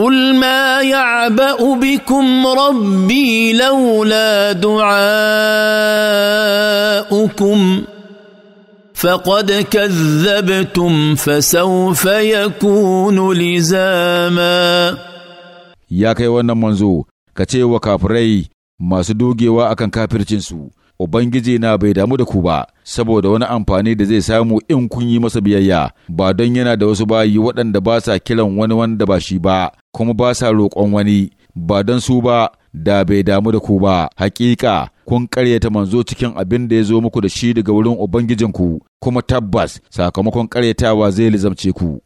قل ما يعبأ بكم ربي لولا دعاؤكم فقد كذبتم فسوف يكون لزاما يا كي وانا منزو ka ce wa kafirai masu dogewa Ubangiji na bai damu da ku ba, saboda wani amfani da zai samu in kun yi masa biyayya, ba don yana da wasu bayi waɗanda ba sa kiran wani wanda ba shi ba, kuma ba sa roƙon wani, ba don su ba, da bai damu da ku ba, hakika kun ƙaryata manzo cikin abin da ya zo muku da shi daga wurin Ubangijinku, kuma tabbas sakamakon karyatawa zai lizamce ku.